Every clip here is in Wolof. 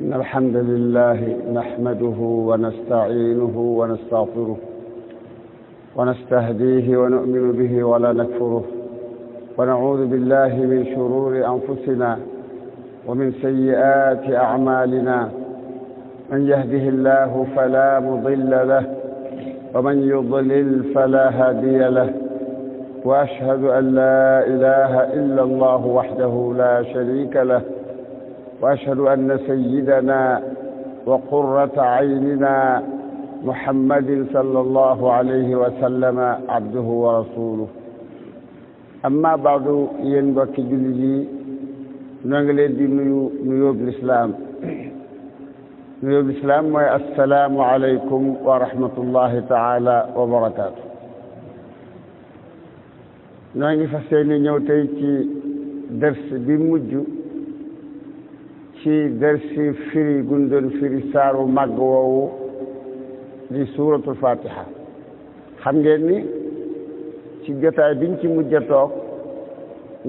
إن الحمد لله نحمده ونستعينه ونستغفره ونستهديه ونؤمن به ولا نكفره ونعوذ بالله من شرور أنفسنا ومن سيئات أعمالنا من يهده الله فلا مضل له ومن يضلل فلا هادي له وأشهد أن لا إله إلا الله وحده لا شريك له وأشهد أن سيدنا وقرة عيننا محمد صلى الله عليه وسلم عبده ورسوله أما بعد ينبك جلجي نغل نيو نيوب الإسلام نيوب الإسلام السلام عليكم ورحمة الله تعالى وبركاته نغل فسيني نيوتيكي درس بمجو ci dersi firi gun doon firi saaru màgg woowu di suuratul fatiha xam ngeen ni ci jotaay biñ ci mujj a toog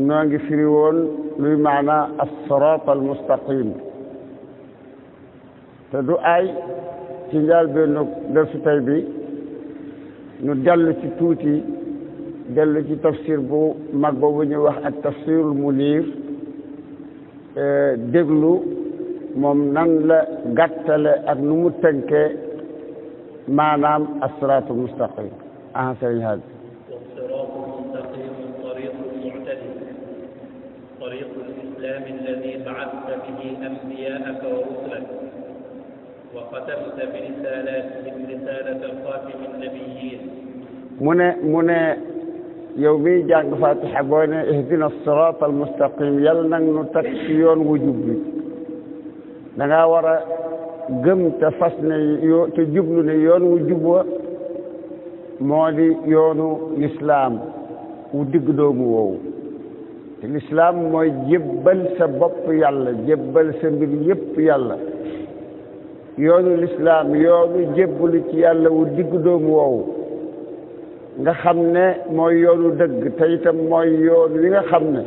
noo ngi firi woon luy maana as-siraat al-mustaqim te du ay ci njaal benn dersu tey bi nu dellu ci tuuti dellu ci tafsir bu mag boobu ñuy wax ak tafsirul munir déglu moom nan la gàttale ak nu mu tënkee maanaam asiraatul mustaqim ah sëriñ Haaj طريق الإسلام الذي بعثت به أنبياءك ورسلك وختمت برسالاتهم رسالة خاتم النبيين من من yow miy jàng fatiha boo ne ihdina sirat al mustaqim yal nag nu teg ci yoon wu jub danga da war a gëm te fas ne yo te ne yoon wu jub wa moo di yoonu lislaam wu digg doomu woowu te lislaam mooy jébbal sa bopp yàlla jébbal sa mbir yépp yàlla yoonu lislaam yoonu jébbalu ci yàlla wu digg doomu woowu nga xam ne mooy yoonu dëgg te itam mooy yoon li nga xam ne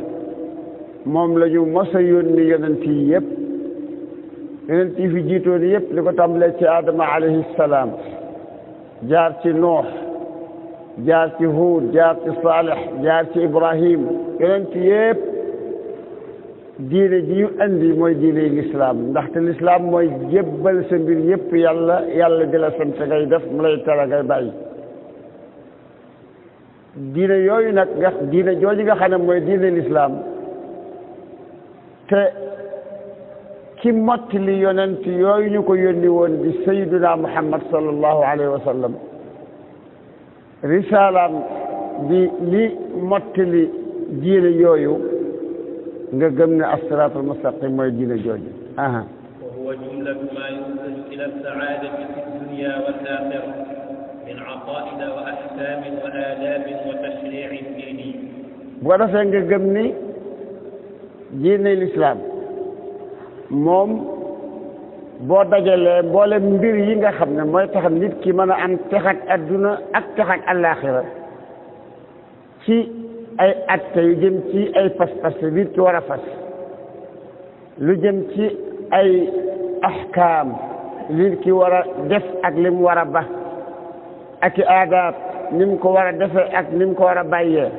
moom la ñu mos a yónni yonent yi yëpp yonent fi jiitoon yëpp li ko tàmbalee ci adama alayhi salaam jaar ci nuux jaar ci huud jaar ci saalix jaar ci ibrahim yonent yëpp diine ji ñu andi mooy diine yi lislaam ndaxte lislaam mooy jébbal sa mbir yëpp yàlla yàlla di la sant ngay def mu lay tere ngay bàyyi diine yooyu nag nga jooji jooju nga xam ne mooy diine lislaam te ki mottali yonent yooyu ñu ko yónni woon di sayyiduna muhammad sallallahu alayhi wa sallam risaalaam di li mottali diine yooyu nga gëm ne as-siraatul mustaqim mooy diine jooju aha wa jumlatu ma yuusilu ila as fi dunya wal aaxira min aqaaida wa أقسام وآداب defee nga gëm ni diine lislaam moom boo dajalee mboolem mbir yi nga xam ne mooy tax nit ki mën a am tex ak adduna ak tex ak àllaaxira ci ay atte yu jëm ci ay pas-pas nit ki war a fas lu jëm ci ay ahkaam nit ki war a def ak lim war a ba ak i aadaab ni mu ko war a defee ak ni mu ko war a bàyyee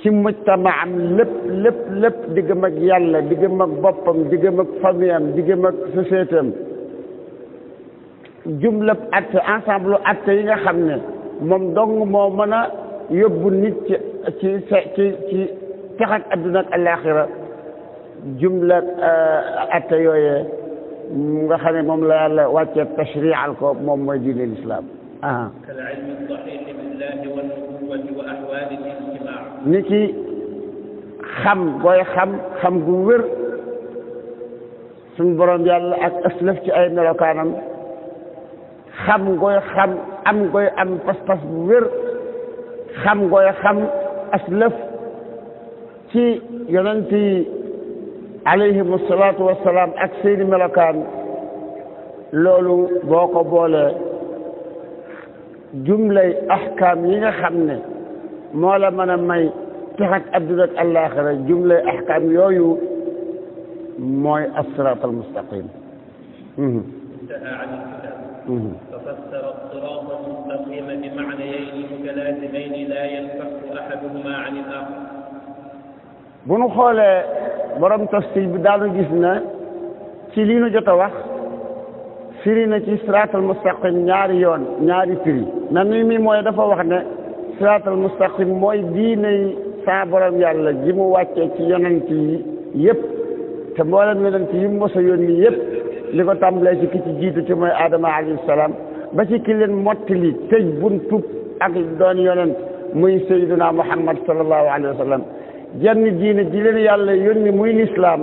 ci mujtama am lépp lépp lépp diggam ak yàlla diggam ak boppam diggam ak famille am diggam ak société am jumlab atte ensemble atte yi nga xam ne moom dong moo mën a yóbbu nit ci ci ci ci texak adduna ak alaxira jumla euh, atte yooyee nga xam ne moom la yàlla wàccee tashrial ko moom mooy diine lislaam ah. ni ci xam booy xam xam gu wér suñ borom yàlla ak aslaf ci ay melokaanam xam gooy xam am gooy am pas-pas bu wér xam gooy xam aslaf ci yonent yi alayhimu ak seeni melokaan loolu boo ko boolee جملة أحكام يجا خمنا مولا من تحت تحك الله الآخرة جملة أحكام يويو موي الصراط المستقيم انتهى عن الكتاب ففسر الصراط المستقيم بمعنيين متلازمين لا ينفك أحدهما عن الآخر بنو خوله برام تفسير بدانو جسنا سيلينو جتوخ firi na ci siraatal mustaqim ñaari yoon ñaari firi na mi mi mooy dafa wax ne siraatal mustaqim mooy diine sa borom yàlla gi mu wàccee ci yonent yi yëpp te mboolem yonent yi mu mos a yónni yëpp li ko tàmbalee ci ki ci jiitu ci mooy aadama alayhi salaam ba ci ki leen mottali tëj buntub ak doon yonent muy sayyiduna muhammad sallallahu alayhi wa sallam jenn diine di leen yàlla yónni muy lislaam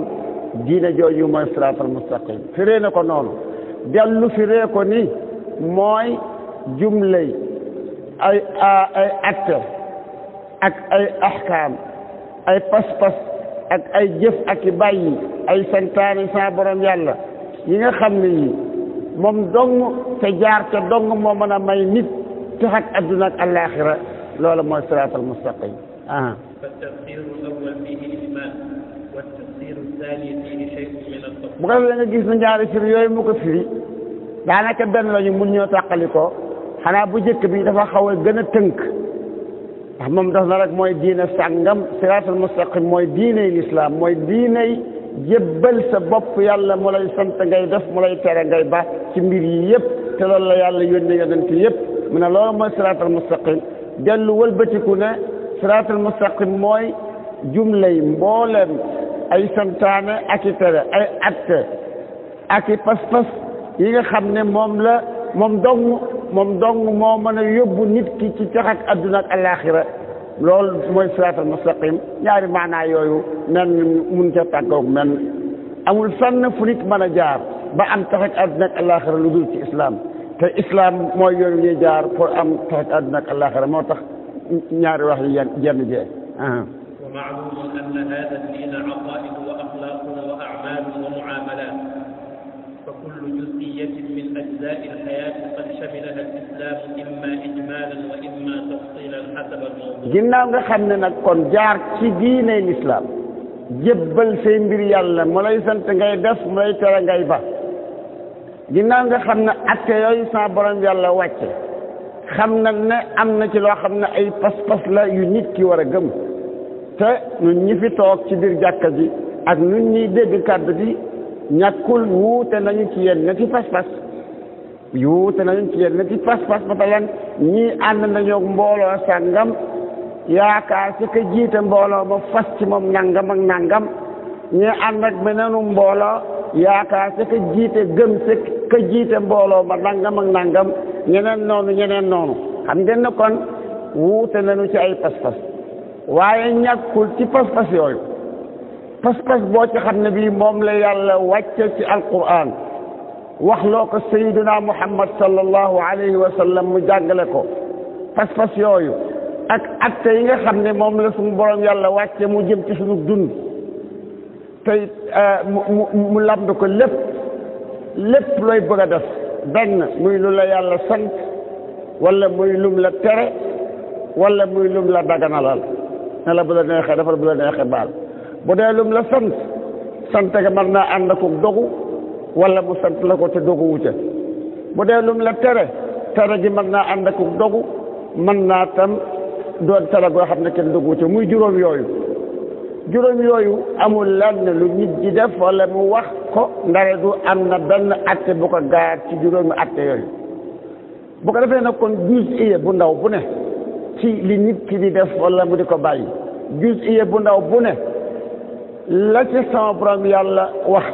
diine jooju mooy siraatal mustaqim firee na ko noonu fi re ko ni moy jumle ay ay acte ak ay ahkam ay pas-pas ak ay jëf ak bàyyi ay santane sa borom yàlla yi nga xamni mom dong te jaar te dong mo meuna may nit te hak aduna ak alakhirah lolo mooy siratal mustaqim aha bu ko defee nga gis na ñaari firi yooyu mu ko firi daanaka benn lañu mun ñoo tàqali ko xanaa bu jëkk bi dafa xaw a gën a tënk ndax moom daf na rek mooy diine sàngam siraatal mustaqim mooy diiney lislaam mooy diiney jébbal sa bopp yàlla mu lay sant ngay def mu lay tere ngay ba ci yi yëpp te loolu la yàlla yónni yonent yëpp mu ne loolu mooy siraatal mustaqim dellu wëlbatiku ne siraatal mustaqim mooy jumlay mbooleem ay santane ak tere ay atté ak i pas-pas yi nga xamné mom la mom dong mom dong mo meuna a yóbbu nit ki ci cax ak adduna ak alaaxira loolu mooy siraatal mustaqim ñaari maana yoyu nan mun ca tàggoog men amul fenn fu nit meuna jaar ba am tax ak adduna ak alaaxira lu dul ci islam te islam moy yoyu ñi jaar pour am tax ak adduna ak alaaxira moo tax ñaari wax yi yenn jee معلوم أن هذا الدين عقائد وأخلاق وأعمال ومعاملات فكل جزئية من أجزاء الحياة قد شملها الإسلام إما إجمالا وإما تفصيلا حسب الموضوع جناو nga xamne nak kon jaar ci diine l'islam jébbal say mbir yàlla mu lay sant ngay def mu lay tere ngay ba ginnaaw nga xam ne atte yooyu sa borom yàlla wàcce xam na ne am na ci loo xam ne ay pas-pas la yu nit ki war a gëm te ñun ñi toog ci biir jàkka ji ak nu ñi dégg kàddu bi ñàkkul wuute nañu ci yenn na ci pas-pas wuute nañu ci yenn na ci pas-pas matalan ñii ànd nañu mbooloo sàngam yaakaar ci ka jiite mbooloo ba fas ci moom nangam ak nangam ñii ànd ak meneenu mbooloo yaakaar ci ka jiite gëm ci ka jiite mbooloo ba nangam ak nangam ñeneen noonu ñeneen noonu xam ngeen ne kon wuute nañu ci ay pas-pas waaye ñàkkul ci pas-pas yooyu pas-pas boo ci xam ne bii moom la yàlla wàcce ci alquran wax loo ko sayiduna muhammad sallallahu alayhi wa sallam mu jàngale ko pas-pas yooyu ak atte yi nga xam ne moom la suñu borom yàlla wàcce mu jëm ci suñu dund tey mu mu lamb ko lépp lépp looy bëgg a def benn muy lu la yàlla sant wala muy lum la tere wala muy lum la daganalal ne la bu la neexee dafa bu la neexee baal bu dee lum la sant sant ga naa ànd ko dogu wala mu sant la ko te dogu wuute bu dee lum la tere tere gi mën naa ànd ko dogu man naa tam doon tere goo xam ne kenn dogu wuute muy juróom yooyu juróom yooyu amul lenn lu nit di def wala mu wax ko ndare du am na benn atte bu ko gaar ci juróomi atte yooyu bu ko defee nag kon jus iye bu ndaw bu ne ci li nit ki di def wala mu di ko bàyyi juz'iya bu ndaw bu ne la ci sama borom yàlla wax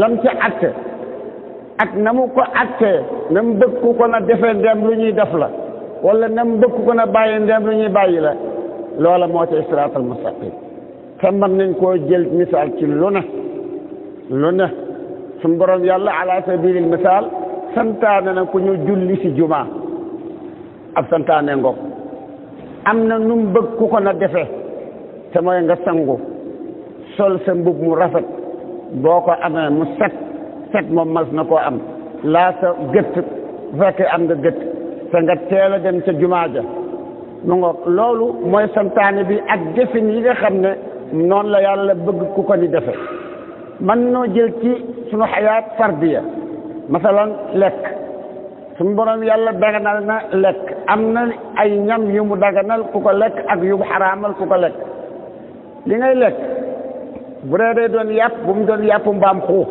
lam ci atte ak na mu ko attee na mu bëgg ko na defee ndem lu ñuy def la wala na mu bëgg ko na bàyyi ndem lu ñuy bàyyi la loola moo ci siraatal mustaqim te mën nañ koo jël misaal ci lu ne lu ne suñu borom yàlla ala sabilil misaal santaane na ku ñu julli si jumaa ab santaane ngoog am na nu bëgg ku ko na defee te mooy nga sangu sol sa mbub mu rafet boo ko amee mu set set moom mas na koo am laa sa gëtt bu am nga gët te nga teel a dem ca jumaa ja mu loolu mooy santaane bi ak jëfin yi nga xam ne noonu la yàlla bëgg ku ko ni defe man noo jël ci sunu xayaat fardiya masalan lekk suñu borom yàlla daganal na lekk am na ay ñam yu mu daganal ku ko lekk ak yu mu xaraamal ku ko lekk li ngay lekk bu dee day doon yàpp bu mu doon yàpp mbaam xuux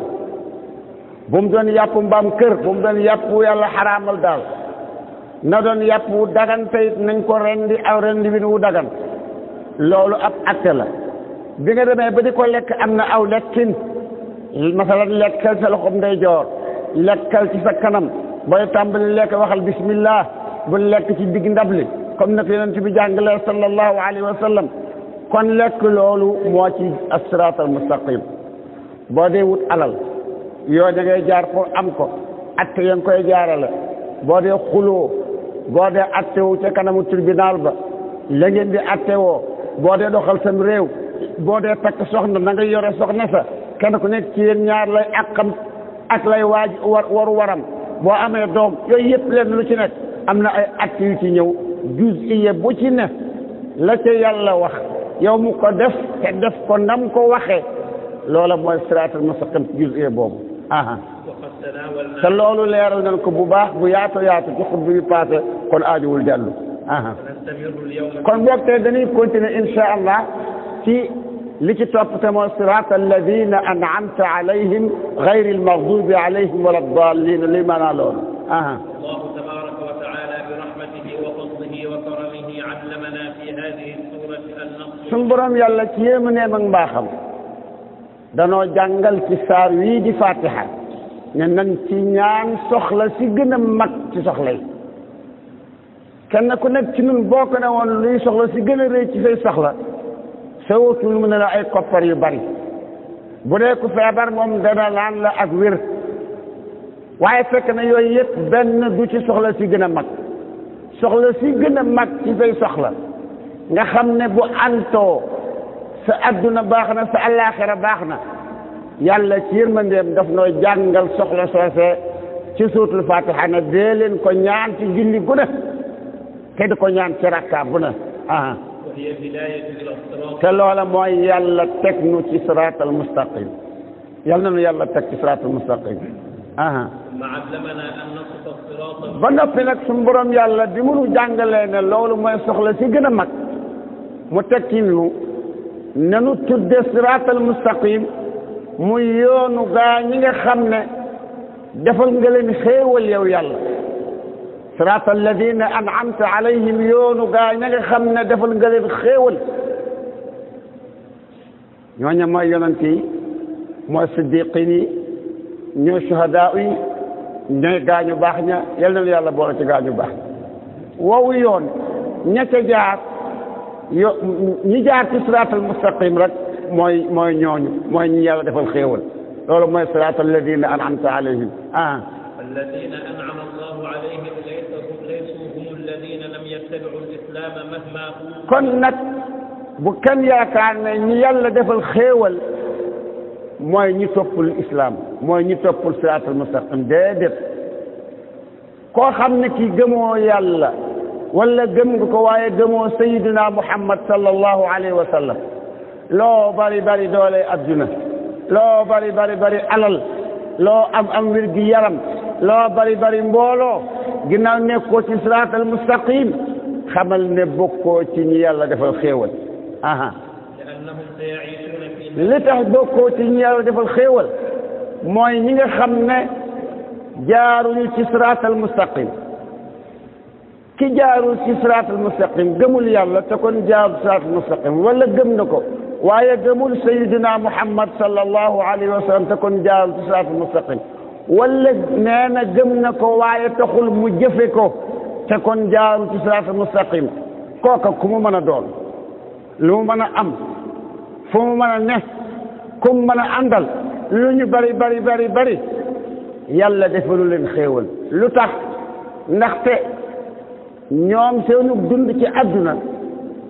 bu mu doon yàpp mbaam kër bu mu doon yàpp wu yàlla xaraamal daal na doon yàpp wu dagan tey nañ ko rendi aw rendi win wu dagan loolu ab acte la bi nga demee ba di ko lekk am na aw lekkin masalan lekkal sa loxoom ndeyjoor lekkal ci sa kanam boy tàmbali lek waxal bismillah bu lek ci dig ndabli comme nak yenen ci bi jàngale sallallahu alaihi wasallam kon lek lolu mo ci as-sirat al mustaqim bo de wut alal yo da ngay jaar ko am ko atte yang koy jaarale bo de khulu bo de atte wu ci kanamu tribunal ba la ngeen di atte wo bo de doxal sam rew bo de tak soxna na nga yore soxna sa kan ko nek ci yéen ñaar lay akam ak lay waj war waru waram bo amé dom yoy yëpp len lu ci nek amna ay at yu ci ñëw juz'iya bu ci nek la ca yàlla wax yow mu ko def te def ko ndam ko waxé lola moy siraatal mustaqim ci bob aha te lolu leral nañ ko bu baax bu yaato yaato ci xutba bi passé kon aaju wul jàllu aha kon boog tey dañuy continuer incha allah ci لك تقتم صراط الذين أنعمت عليهم غير المغضوب عليهم ولا الضالين لما نالون أه. الله تبارك وتعالى برحمته وفضله وكرمه علمنا في هذه السورة أن نصر يا يلا كيمني من باخم دانو جنجل كسار ويدي فاتحة نن تنيان سخلا سيغن مك سخلا كان كنا كنا تنين بوكنا ونلي سخلا سيغن ريكي سخلا soo tul mu ne la ay koppar yu bari bu dee ku feebar moom dana laan la ak wér waaye fekk na yooyu yëpp benn du ci soxla si gën a mag soxla si gën a mag ci fay soxla nga xam ne bu antoo sa adduna baax na sa allaaxira baax na yàlla ci yërmandeem daf nooy jàngal soxla soose ci suutul fatiha ne dee leen ko ñaan ci julli gu ne te di ko ñaan ci rakka bu ne te mooy yàlla teg nu ci siraatal mustaqim yàlla na nu yàlla teg ci siraatal mustaqim aha ba noppi nag suñu borom yàlla bi munu jàngalee ne loolu mooy soxla si gën a mag mu tekki nu ne nu tudde siraatal mustaqim muy yoonu gaa ñi nga xam ne defal nga leen yàlla صراط الذين أنعمت عليهم yoonu gaa yi nga xam ne defal nga leen xéewal ñooñu mooy yonent yi mooy siddiqin yi ñooy suhadaa yi ñooy gaañu baax ña yal na yàlla boole ci gaañu baax woowu yoon ña ca jaar yo ñi jaar ci siraatal mustaqim rek mooy mooy ñooñu mooy ñi yàlla defal xéewal loolu mooy siraatal ladina an'amta alayhim ah alladina an'amta kon nag bu kenn yaakaar ne ñi yàlla defal xéewal mooy ñi toppul islaam mooy ñi toppul siraatal mustaqim déedéet koo xam ne kii gëmoo yàlla wala gëm nga ko waaye gëmoo sayidina muhammad sallallahu alayhi wa sallam loo bari bari doole adduna loo bari bari bari alal loo am am wér gi yaram loo bari bari mbooloo ginnaaw nekkoo ci siraatal mustaqim xamal ne bokkoo ci ñi yàlla defal xéewal aha li tax bokkoo ci ñi yàlla defal xéewal mooy ñi nga xam ne jaaruñu ci siraatal mustaqim ki jaarul ci siraatal mustaqim gëmul yàlla te kon jaarul siraatal mustaqim wala gëm na ko waaye gëmul sayidina muhammad sallallahu alayhi wa sallam te kon jaarul ci siraatal mustaqim wala nee na gëm na ko waaye taxul mu jëfe ko تكون جار تسلاف المستقيم كوكا كمو مانا دون لو منا أم فمو منا نه كم منا أندل لوني باري باري باري باري يلا دفلو لين خيول لطح نخفي نيوم سيونو بدون بك أدنا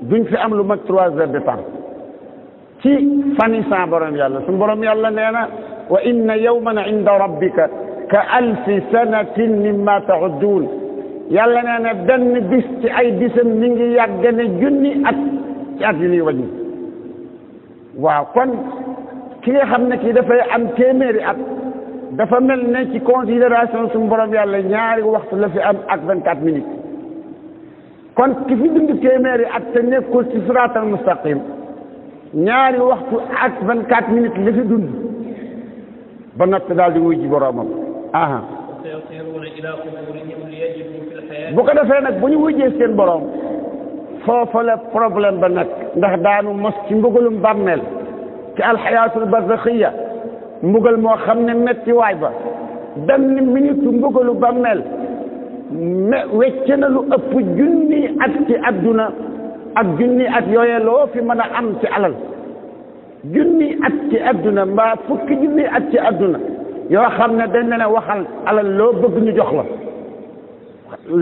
بدون في أملو مك تروازة بطان تي فاني سان برام يلا سن برام يلا نينا وإن يوما عند ربك كألف سنة مما تعدون yàlla nee na benn bis ci ay bisam mi ngi yàgg ne junni at ak at yu waaw kon ki nga xam ne kii dafay am téeméeri at dafa mel ne ci considération suñu borom yàlla ñaari waxtu la fi am ak vingt quatre minutes kon ki fi dund téeméeri at te nekkul ci siraatal mustaqim ñaari waxtu ak vingt quatre minutes la fi dund ba noppi daal di wuy ji boroomam aha bu ko defee nag bu ñu wujjee seen borom foofa la problème ba nag ndax daanu mos ci mbugalum bàmmeel ci alxayaatul barzaxiya mbugal moo xam ne metti waay ba benn minute mbugalu wecce na lu ëpp junni at ci junni at yooye loo fi mën a am ci alal junni at ci adduna mbaa fukki junni at ci adduna yoo xam ne dañ la waxal alal loo bëgg ñu jox la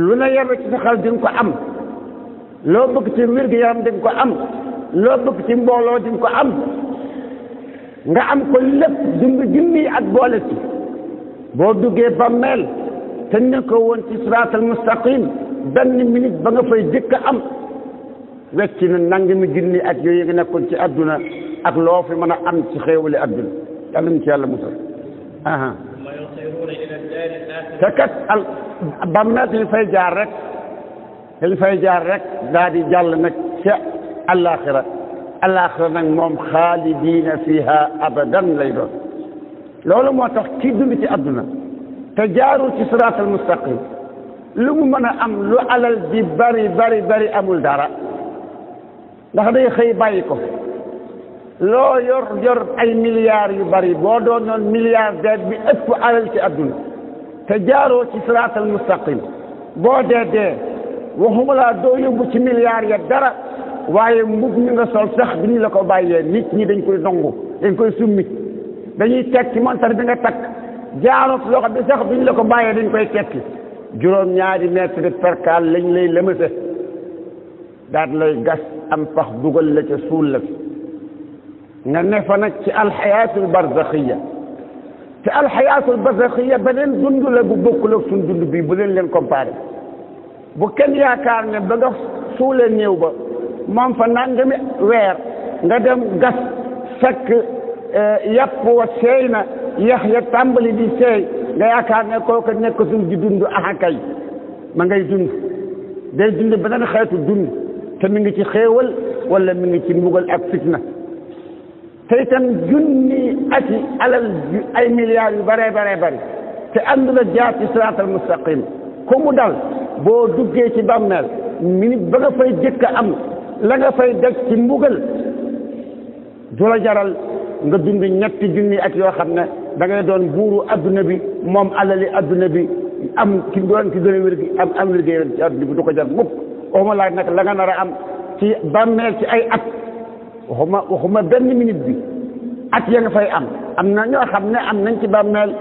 lu la yar ci sa xel di nga ko am loo bëgg ci wér gi yaram di nga ko am loo bëgg ci mbooloo di nga ko am nga am ko lépp dimb jimmi ak boole ci boo duggee ba meel te ne ko woon ci siraatal mustaqim benn minute ba nga fay jëkk am wecc na nangami junni ak yooyu nga nekkoon ci adduna ak loo fi mën a am ci xéewali adduna yàlla ñu ci yàlla musal آه. ثم يصيرون الى الدار الاخره تكتل بمت الفجار رك الفجار رك دادي جل نك الاخره الاخره نك موم خالدين فيها ابدا ليبر لولو ما تخكيد بتي ادنا تجارو في صراط المستقيم لو من ام لو على الجبر بري بري امول دارا دا خي بايكو loo yor yor ay milliards yu bari boo doon noon milliardaire bi ëpp alal ci adduna te jaaroo ci siraatal mustaqim boo dee dee waxuma laa doo yóbbu ci milliards ya dara waaye mbub mi nga sol sax bi ñu la ko bàyyee nit ñi dañ koy dongu dañ koy summi dañuy tekki montar bi nga takk jaaroo ci loxo bi sax bi ñu la ko bàyyee dañ koy tekki juróom ñaari mètre de percale lañ lay lëmase daat lay gas am pax dugal la ca suul la nga ne fa nag ci alxayaatul barzaxiya te alxayaatul barzaxiya beneen dund la bu bokkul ak suñ dund bii bu leen leen comparé bu kenn yaakaar ne ba nga suulee néew ba moom fa nangami weer nga dem gas fekk eh, yàpp wa seey na yax ya tàmbali di seey nga yaakaar ne kooku nekk suñ di dund axakay ma ngay dund day dund beneen xeetu dund te mi ngi ci xéewal wala mi ngi ci mbugal ak fitna te itam junni ati alal ay milliards yu baree baree bari te àndul ak jaar ci siraatal mustaqim ko mu dal boo duggee ci bàmmeel minute ba nga fay jëkk a am la nga fay daj ci mbugal du la jaral nga dund ñetti junni at yoo xam ne da doon buuru adduna bi moom alali adduna bi am ki doon ki doon wér am am wér ci adduna bi du ko jar mukk waxuma laaj nag la nga nar a am ci bàmmeel ci ay at waxuma waxuma benn minute bi at ya nga fay am am na ñoo xam ne am nañ ci bàmmeel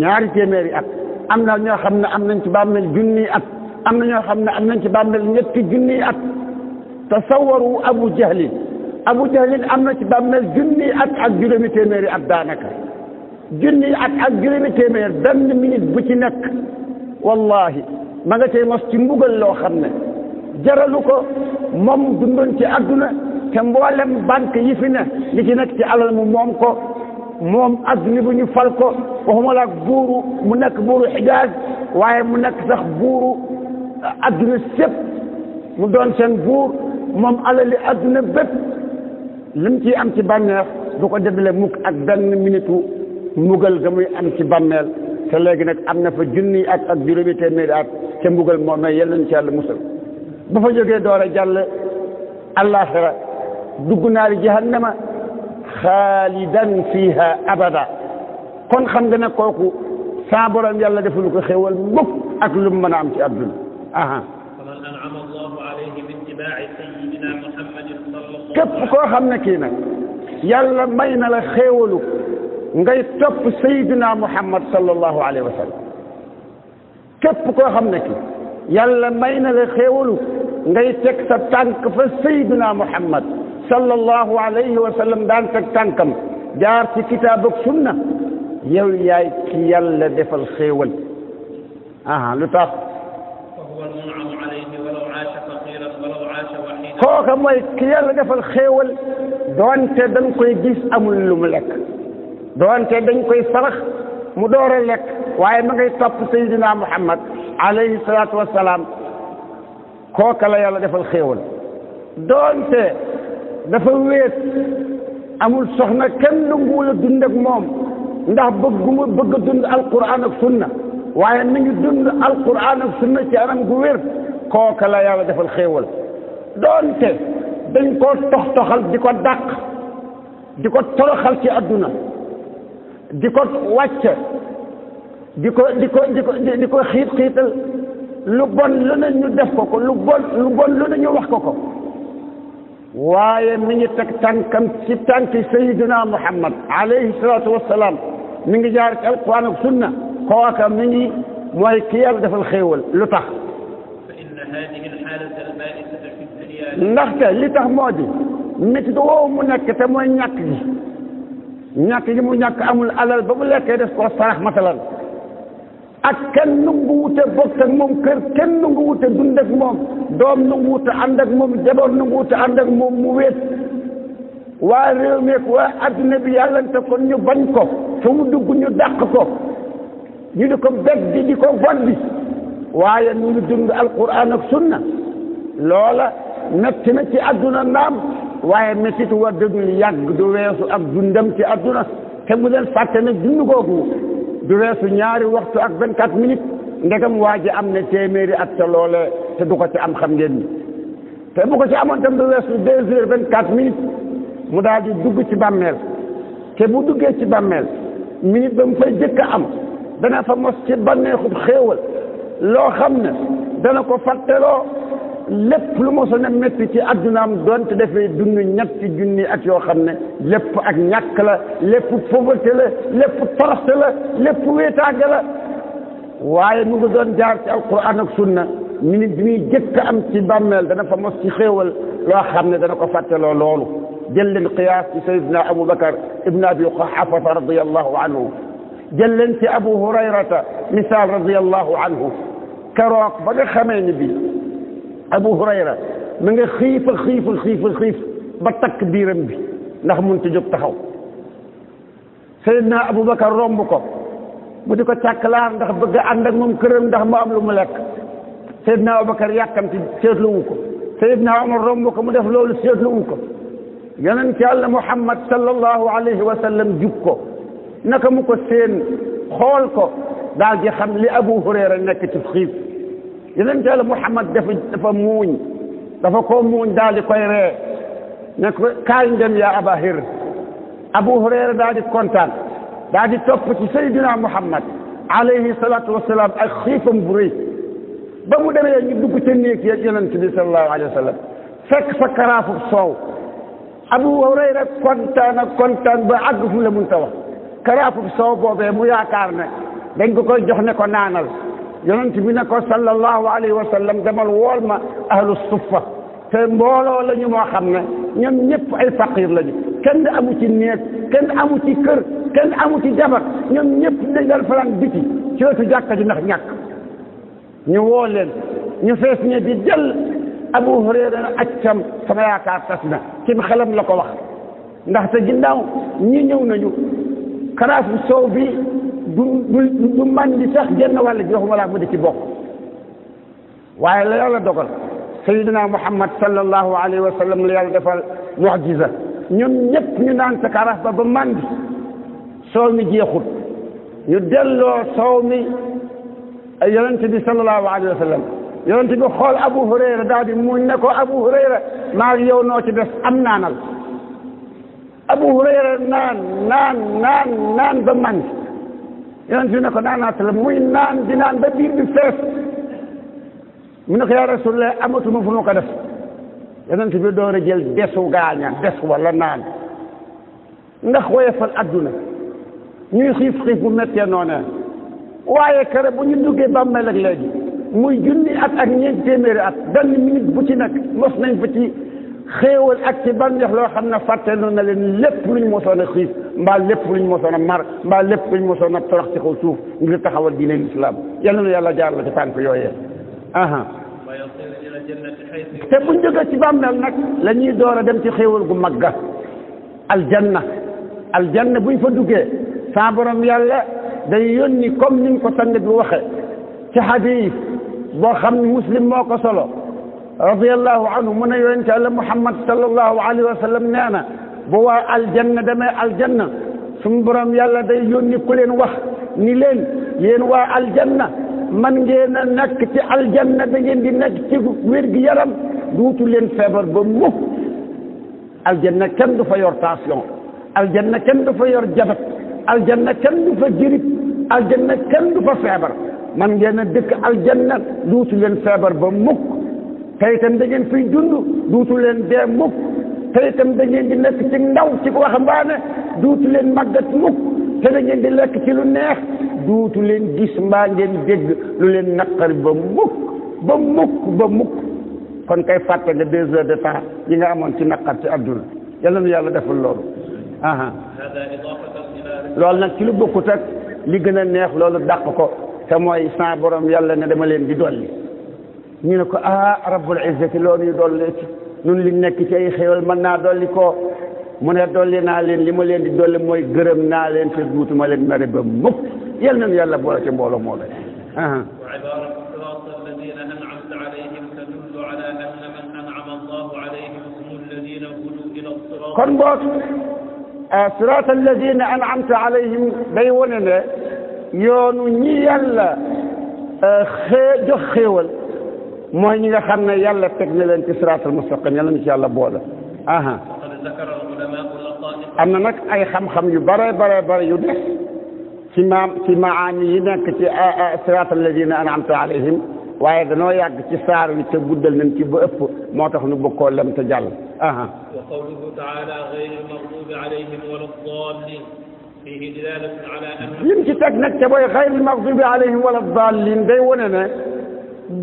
ñaari téeméeri at am na ñoo xam ne am nañ ci bàmmeel junniy at am na ñoo xam ne am nañ ci bàmmeel ñetti junniy at tasawaru abu jahlin abu jahlin am na ci bàmmeel junniy at ak juróomi téeméeri at daanaka junniy at ak juróomi téeméer benn minute bu ci nekk wallahi ma nga cay mos ci mbugal loo xam ne jaralu ko moom dundoon ci àdduna te mboolem banque yi fi ne li ci nekk ci alal mu moom ko moom adduna bu ñu fal ko waxuma la buuru mu nekk buuru xijaaj waaye mu nekk sax buuru adduna sépp mu doon seen buur moom alali adduna bépp li mu ciy am ci bànneex du ko déglee mukk ak benn minitu mbugal ga muy am ci bàmmeel te léegi nag am na fa junniy at ak juróomi téeméeri at ca mbugal moomee yàlla na ci yàlla musal ba fa jógee door a jàll àllaaxira دغنا لجهنم خالدا فيها ابدا كون خم دنا كوكو سا بروم يالا ديفلو كو خيوال بوك اك لوم مانا ام سي عبد الله اها انعم الله عليه باتباع سيدنا محمد صلى الله عليه وسلم كيف كو خم نكينا يالا ماينا لا خيوالو ngay top سيدنا محمد صلى الله عليه وسلم كيف كو خم نكي يالا ماينا لا خيوالو ngay tek sa tank fa sayyidina muhammad صلى الله عليه وسلم دان تكتانكم جار في كتابك سنة يو ياي كيال لدف الخيول اها لطاف فهو المنعم عليه ولو عاش فقيرا ولو عاش وحيدا هو كما كيال لدف الخيول دوان تدن كوي جيس ام لك دوان تدن كوي فرخ مدور لك واي مغي طب سيدنا محمد عليه الصلاة والسلام كوكا لا يلا دف الخيول دونتي dafa wéet amul soxna kenn nanguwul a dund ak moom ndax bëgguma bëgg a dund alquran ak sunna waaye mi ngi dund alquran ak sunna ci anam gu wér kooka la yàlla defal xéewal doonte dañ koo tox toxal di ko dàq di ko toroxal ci adduna di ko wàcce di ko ko di ko xiit xiital lu bon lu ne ñu def ko ko lu bon lu bon wax ko ko waaye mi ngi teg tànkam ci tànki sayidina muhammad alayhi salaatu wassalaam mi ngi jaar ci alquran ak sunna kooka mi ngi mooy ki yàlla defal xéewal lu tax ndaxte li tax moo di métit woowu mu nekk te mooy ñàkk gi ñàkk gi mu ñàkk amul alal ba mu lekkee def koo sarax masalan ak kenn nangu wute bokk ak moom kër kenn nangu wute dund moom doom nangu wute ànd moom jaboot nangu wute ànd ak moom mu wet waa réew mi waa adduna bi yàllante kon ñu bañ ko fu mu dugg ñu dàq ko ñu di ko beg di ko voddi waaye ñu ngi dund alquran ak sunna loola metti na ci adduna naam waaye mettitu war dëgg yàgg du weesu ak dundam ci adduna te bu leen fàtte nag dund googu du reesu ñaari waxtu ak vingt quatre minutes ndegam waa ji am na téeméeri at ca loole te du ko ci am xam ngeen ni te bu ko ci amoon tam du reesu deux heures vingt quatre minutes mu daal di dugg ci bàmmeel te bu duggee ci bàmmeel minute ba mu fay jëkk a am dana fa mos ci banneexub xéewal loo xam ne dana ko fàtteloo lépp lu mosoon a métti ci addunaam doonte dafay dund ñetti junni at yoo xam ne lépp ak ñàkk la lépp pauvreté la lépp toroxte la lépp wéetaange la waaye mu ngi doon jaar ci alquran ak sunna minute bi muy jëkk am ci bàmmeel dana fa mos ci xéewal loo xam ne dana ko fàtteloo loolu jël leen qiyaas ci sayidna abou bakar ibn abi quhafata radiallahu anhu jël leen ci abu hurayrata misaal radiallahu anhu keroog ba nga xamee ni bi Abu Hurayra na nga xiif a xiif a xiif a xiif ba takk biiram bi ndax mënut a jóg taxaw Seydina Aboubacar romb ko mu di ko càkkalaar ndax bëgg ànd ak moom këram ndax mu am lu mu lekk Seydina Aboubacar yàkkamti seetluwu ko Seydina Omar romb ko mu def loolu seetluwu ko yonent yàlla Muhammad sallallahu alayhi wa sallam jub ko naka mu ko seen xool ko daal di xam li Abu Hurayra nekk ci xiif yeneen yàlla Muhammad dafa dafa muuñ dafa ko muuñ daal di koy ree ne ko kaay dem yaa Aba Hir Abu Hurayra daal di kontaan daal di topp ci Seydina Muhammad alayhi salaatu wa salaam ak xiifam bu rëy ba mu demee ñu dugg ca néeg ya yonent bi sallallahu alayhi wa sallam fekk fa karaafu soow Abu Hurayra kontaan ak kontaan ba àgg fu la mun ta wax karaafu soow boobee mu yaakaar ne dañ ko koy jox ne ko naanal. yonent bi ne ko sallallahu alayhi wa sallam demal wool ma ahlu suffa te mbooloo lañu ñu moo xam ne ñoom ñëpp ay faqir lañu kenn amu ci neet kenn amu ci kër kenn amu ci jabar ñoom ñëpp dañ dal falang biti ci wetu jàkka ji ndax ñàkk ñu woo leen ñu fees ne di jël abu hurayra na accam sama yaakaar tas na ci xelam la ko wax ndaxte ginnaaw ñi ñëw nañu karaas bu soow bi du du du man di sax genn wàll ji waxuma laa mu di ci bokk waaye la yàlla dogal sayidina muhammad sallallahu alayhi wa sallam la yàlla defal mucjisa ñun ñëpp ñu naan sa karaf ba ba mandi soow mi jeexut ñu delloo soow mi yonente bi sallallahu alayhi wa sallam yonente bi xool abu hurayra daal di muñ ne ko abu hurayra maa yow noo ci def am naanal abu hurayra naan naan naan naan ba mandi yonent bi ne ko naanaatal muy naan di naan ba biir bi fees mu ne yaa rasulallah amatuma fu ma ko def yonent bi door a jël desu gaaña des wala naan ndax woyefal adduna ñuy xiif xiif bu méttee noonee waaye kere bu ñu duggee bàmmeel ak léegi muy junni at ak ñeent téeméeri at benn minute bu ci nekk mos nañ fa ci xéewal ak ci ban bànneex loo xam ne fàtteloo na leen lépp luñ mosoon a xiif mbaa lépp luñ mosoon a mar mbaa lépp luñ mosoon a torox ci kaw suuf ngir taxawal diine islam yàlla na yàlla jaar la ci tànk yooyee aha te buñ jógee ci bàmmeel nag la ñuy door a dem ci xéewal gu magga aljanna aljanna buñ fa duggee saa borom yàlla day yónni comme ni ko sang bi waxe ci xadiis boo xam ne muslim moo ko solo رضي الله عنه من ينت على محمد صلى الله عليه وسلم نانا نعم. بوا الجنه دم الجنه سم برام يالا داي يوني كولين واخ نيلين ينوا الجنه من جينا نك الجنه دا نين دي نك تي ويرغي دوتو لين فيبر با الجنه كان دو فا يور تاسيون الجنه كم دو فا يور جابت الجنه كم دو جريب الجنه كم دو فا من جينا دك الجنه دوتو لين فيبر با tey itam da ngeen fiy dund duutu leen dee mukk tey itam da ngeen di nekk ci ndaw ci waxambaane duutu leen màggat mukk te da ngeen di lekk ci lu neex duutu leen gis mbaa ngeen dégg lu leen naqari ba mukk ba mukk ba mukk kon kay fàtte nga deux heures de temps yi nga amoon ci naqar ci àdduna yal na yàlla deful loolu aha loolu nag ci lu bokkut ak li gën a neex loolu dàq ko te mooy saa borom yàlla ne dama leen di dolli ñu ne ko ah rabbul izzati loolu ñu dolli ci ñun liñ nekk ci ay xéwal mën naa dolli koo mu ne dolli naa leen li ma leen di dolli mooy gërëm naa leen te duutuma leen mere ba mukk yal nañu yàlla boole ci mbooloo moo la وعبارة الصراط الذين أنعمت عليهم تدل على أن من أنعم الله عليهم هم الذين هدوا إلى الصراط kon boog صراط الذين أنعمت عليهم day wone ne yoonu ñi yàlla jox xéewal mooy ñi nga xam ne yàlla teg na leen ci siraatal mustaqim yàlla na ci yàlla boole aha am na nag ay xam-xam yu bare bare bare yu des ci maam ci maani yi nekk ci siraatal ladina anamta alayhim waaye danoo yàgg ci saar wi te guddal nañ ci bu ëpp motax nu bëgg koo lem te jàll aha wa qawluhu taala gayri lmagdubi alayhim wala ddallin fihi dilalatun ala anna yim ci teg nag te booy gayri lmagdubi alayhim wala ddallin day wone ne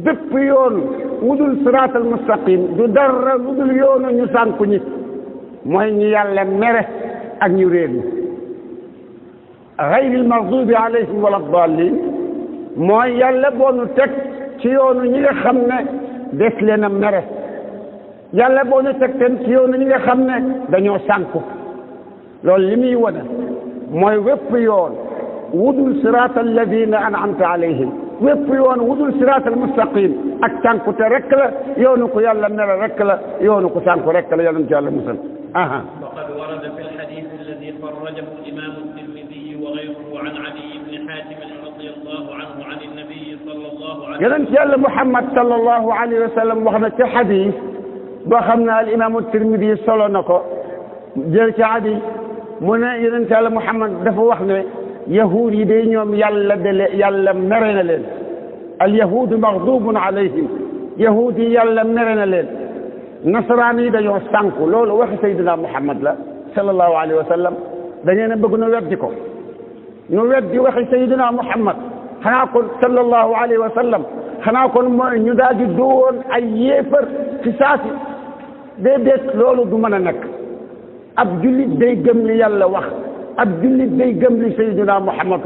bépp yoon wudul siraat al mustaqim du dara wudul yoonu ñu sànku ñi mooy ñu yàlla mere ak ñu réer ñi gayril maxdubi alayhim wala dallin mooy yàlla boo nu teg ci yoonu ñi nga xam ne des leen a mere yàlla boo nu teg ten ci yoonu ñi nga xam ne dañoo sànku loolu li muy wane mooy wépp yoon wudul siraat alladina an'amta alayhim ويطفلوا ونغذوا السراط المستقيم أكتنك تركلا يونك يالا نرى ركلا يونك تنك ركلا يالا نجال المسلم أها وقد ورد في الحديث الذي فرجه الإمام الترمذي وغيره عن علي بن حاتم رضي الله عنه عن النبي صلى الله عليه وسلم يالا نجال محمد صلى الله عليه وسلم وخذ الحديث وخمنا الإمام الترمذي صلى الله عليه وسلم جلت عدي من يالا محمد دفو وخذ يهودي بينهم يلا يلا مرنا لين اليهود مغضوب عليهم يهودي يلا مرنا لين نصراني دا يوسانكو لول وخي سيدنا محمد لا صلى الله عليه وسلم دا نينا بغو نو ويديكو نو ويدي وخي سيدنا محمد خنا صلى الله عليه وسلم خنا كون ني دال دي دون اي ييفر في ساسي دي ديت لولو دو مانا نك اب جوليت دي گم لي يالا وخ عبد الله بن سيدنا محمد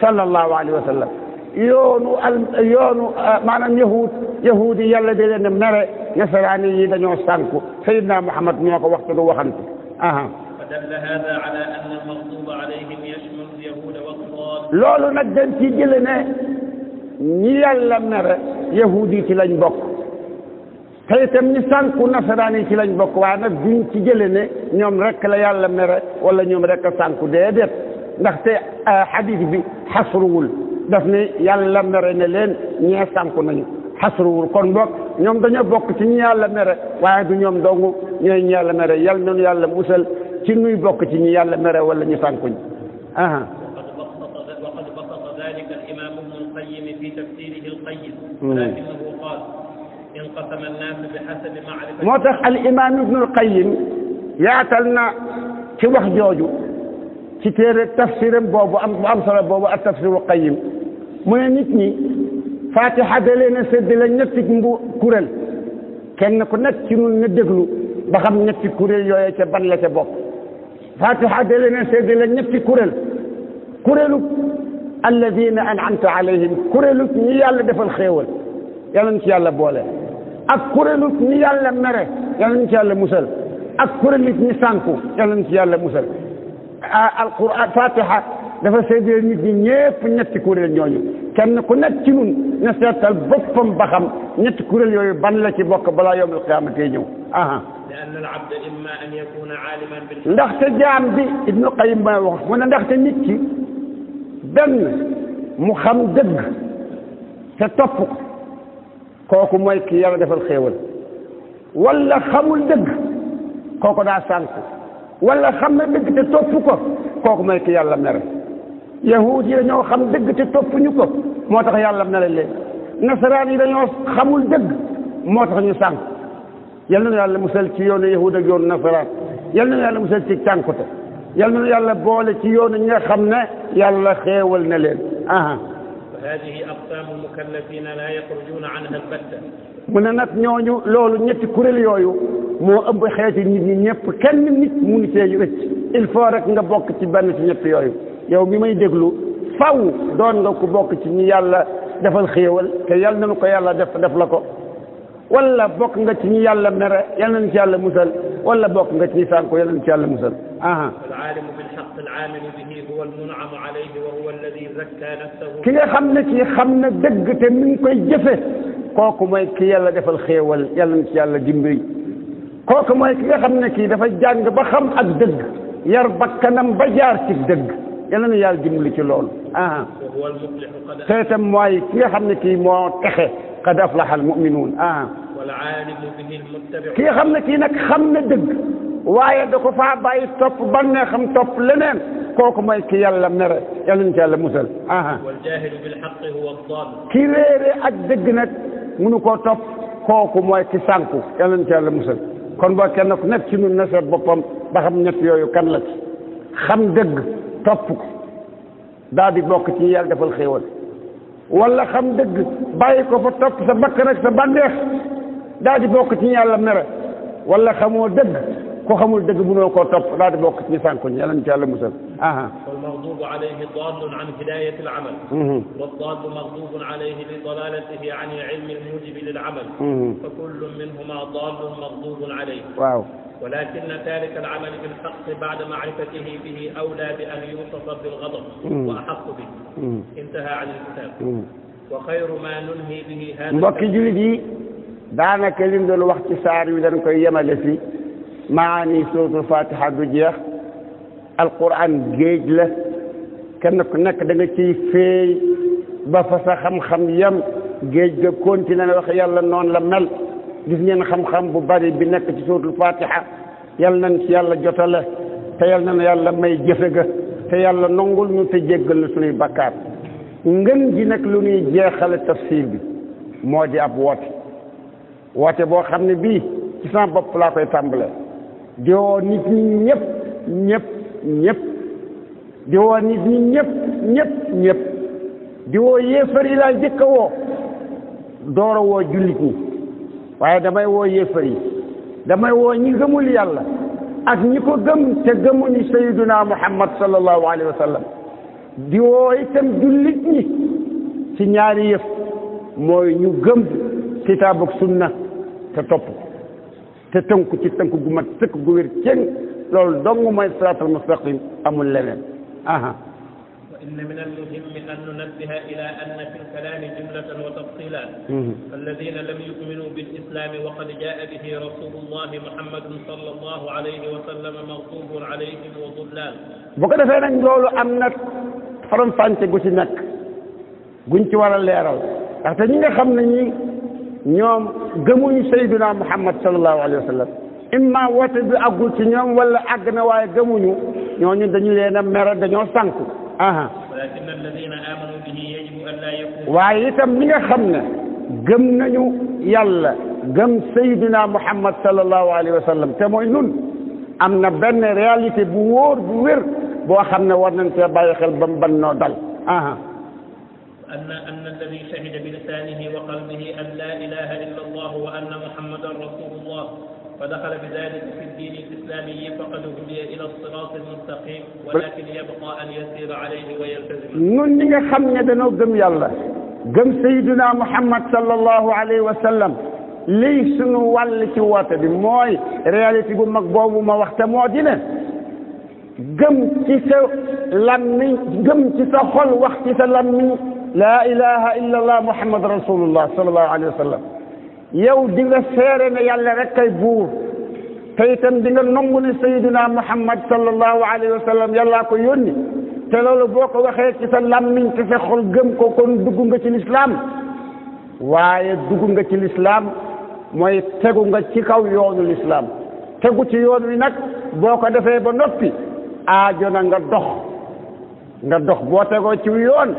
صلى الله عليه وسلم يونو يونو معنى يهود يهودي الذي لم نرى نسراني يدن يوسانكو سيدنا محمد نيوك وقت وخنت اها فدل هذا على ان المغضوب عليهم يشمل اليهود والضال لولو ندمتي جلنا نيال لم نرى يهودي تي لاني te itam ñi sànku nasaraan yi ci lañ bokk waaye nag duñ ci jële ne ñoom rek la yàlla mere wala ñoom rek a sànku déedéet ndaxte xadis bi xasruwul daf ne yàlla mere ne leen ñee sànku nañu xasruwul kon boog ñoom dañoo bokk ci ñi yàlla mere waaye du ñoom dong ñooy ñi yàlla mere yal nañu yàlla musal ci nuy bokk ci ñi yàlla mere wala ñu sànkuñ aha وقد بسط ذلك الإمام ابن القيم في تفسيره القيم ولكنه انقسم الناس بحسب معرفة موتخ الإمام ابن القيم يعتلنا في وقت جوجو في تير تفسير بابو أم أمسر بابو التفسير القيم من نتني فاتحة دلنا سد لنا نتك مبو كورل كان نكون نتكلم ندقلو بخم نتك كورل يا يتبان لا تبوك فاتحة دلنا سد لنا نتك كورل كورل الذين أنعمت عليهم كورل يا الله دف الخيول يا الله بوله ak kuréelu ñi yàlla mere yàlla nañ ci yàlla musal ak kuréelu ñi sànku yàlla nañ ci yàlla musal alquran fatiha dafa séddee nit ñi ñëpp ñetti kuréel ñooñu kenn ku nekk ci nun na seetal boppam ba xam ñetti kuréel yooyu ban la ci bokk balaa yowm alqiyamatee ñëw aha ndaxte jaam bi ibnu qayim ba wax mu ne ndaxte nit ki benn mu xam dëgg te topp ko kooku mooy ki yàlla defal xéewal wala xamul dëgg kooku daa sànq wala xam na dëgg te topp ko kooku mooy ki yàlla mere yahuud yi dañoo xam dëgg te toppuñu ko moo tax yàlla mere leen nasaraan yi dañoo xamul dëgg moo tax ñu sànq yal na yàlla musal ci yoonu yahuud ak yoonu nasaraan yal na yàlla musal ci cànkute yal na yàlla boole ci yoonu ñi nga xam ne yàlla xéewal na leen aha وهذه أقسام المكلفين لا يخرجون عنها البتة mu ne nag ñooñu loolu ñetti kuréel yooyu moo ëpp xeeti nit ñi ñëpp kenn nit munu see rëcc il faut rek nga bokk ci benn ci ñett yooyu yow mi may déglu faw doon nga ku bokk ci ñi yàlla defal xéewal te yàlla nañu ko yàlla def def la ko ولا بوك nga ci ñi yàlla mere yalla nañ ci yàlla musal wala bokk nga ci ñi sànko yalla nañ ci yàlla musal aha ki nga xam ne ci xam na dëgg te mi ngi koy jëfe kooku mooy ki yàlla defal xéewal yal ci yàlla dimbali kooku mooy ki nga xam ne kii dafa jàng ba xam ak dëgg yar bakkanam ba jaar ci dëgg yal nañu yàlla dimbali ci loolu aha te itam mooy ki nga xam ne kii moo texe قد أفلح المؤمنون آه. والعالم به المتبع كي خمنا كي نك خمنا دق واي دق فا باي توب بنا خم توب لنا كوك ما يكي يلا مر يلا نجا لمسل آه. والجاهل بالحق هو الضال كي ليري أدقنا منو كو توب كوك ما يكي سانكو يلا نجا لمسل كون باك ينك نفسي من نسر بطم بخم نفسي ويكن لك خم دق توب دادي بوك تيال دفل خيوان wala xam dëgg bàyyi ko fa topp sa bakk rek sa bànneex daal di bokk ci yàlla mere wala xamoo dëgg ko xamul dëgg mënoo koo topp daal di bokk ci sànku yàlla ñu ci yàlla musal aha فالمغضوب عليه ضال عن هداية العمل والضال مغضوب عليه لضلالته عن علم الموجب للعمل فكل منهما ضال مغضوب عليه واو ولكن ذلك العمل بالحق بعد معرفته به اولى بان يوصف بالغضب واحق به انتهى عن الكتاب وخير ما ننهي به هذا بك جلدي دانا كلم دول وقت ساري ودن كي يمالسي معاني سورة الفاتحة بجيخ القرآن جيجلة كنك نك دنكي في بفصا خم خم يم جيجل كنتنا نوخي يلا نون لمل gis ngeen xam-xam bu bari bi nekk ci suuratul fatiha yal nañ ci yàlla jotale te yal na yàlla may jëfe ga te yàlla nongul ñu te jéggal na suñuy bakkaar ngën ji nag lu ñuy jeexale tafsir bi moo di ab woote woote boo xam ne bii ci sama bopp laa koy tàmbalee di woo nit ñi ñëpp ñëpp ñëpp di woo nit ñi ñëpp woo yéefar woo jullit ñi waaye damay woo yéefar yi damay woo ñi gëmul yàlla ak ñi ko gëm te gëmuñu sayyiduna muhammad sallallahu alayhi wa sallam di woo itam jullit ñi ci ñaari yëf mooy ñu gëm kitaab ak sunna te topp te tënku ci tënk gu mat sëkk gu wér cëng loolu dong mooy siraatal mustaqim amul leneen aha إن من المهم أن ننبه إلى أن في الكلام جملة وتفصيلا فالذين لم يؤمنوا بالإسلام وقد جاء به رسول الله محمد صلى الله عليه وسلم مغصوب عليهم وضلال وقد فعلا نقول أنك فرن فانت قسنك قنت ورا الليرال حتى نيغا خمنا ني ñoom gëmuñu sayyiduna muhammad sallallahu alayhi wa sallam imma wote bi àggul ci ñoom wala àgg na waaye gëmuñu ñooñu aha walakin alladina amanu bihi yajibu an la yakunu waaye itam ñi nga xam ne gëm nañu yàlla gëm saydina muhammad sallallahu alayhi wa sallam te mooy nun am na benn réalité bu wóor bu wér boo xam ne war nañ cee bàyyi xel ba mu ban noo dal aha أن أن الذي شهد بلسانه وقلبه أن لا إله إلا الله وأن محمدا رسول الله ودخل بذلك في الدين الإسلامي فقد هدي إلى الصراط المستقيم ولكن يبقى أن يسير عليه ويلتزم من يخمن بنظم يلا جم سيدنا محمد صلى الله عليه وسلم لي سنو wàll ci woote bi mooy réalité bu mag boobu ma جم moo di جم gëm خل وقت lammiñ gëm لا إله إلا الله محمد رسول الله صلى الله عليه وسلم يو دينا سيرنا يلا ركاي بور تيتم دينا نمون سيدنا محمد صلى الله عليه وسلم يلا كو يوني تلولو بوكو وخير كسا لامين كسا خل جم كو كون دقونغة الإسلام واي دقونغة الإسلام موي تقونغة تيكاو يون الإسلام تقو تي يون منك بوكو دفع بنوبي آجو نغا دخ نغا دخ بوكو تيكاو يون